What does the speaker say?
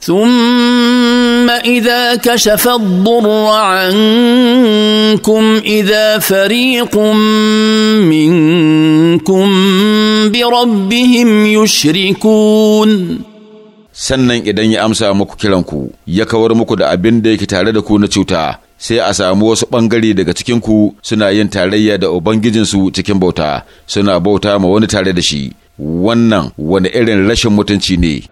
ثم اذا كشف الضر عنكم اذا فريق منكم بربهم يشركون sannan idan ya amsa muku kiranku ya kawar muku da abin da yake tare da ku na cuta sai a samu wasu ɓangare daga cikin ku suna yin tarayya da ubangijinsu cikin bauta suna bauta ma wani tare da shi wannan wani irin rashin mutunci ne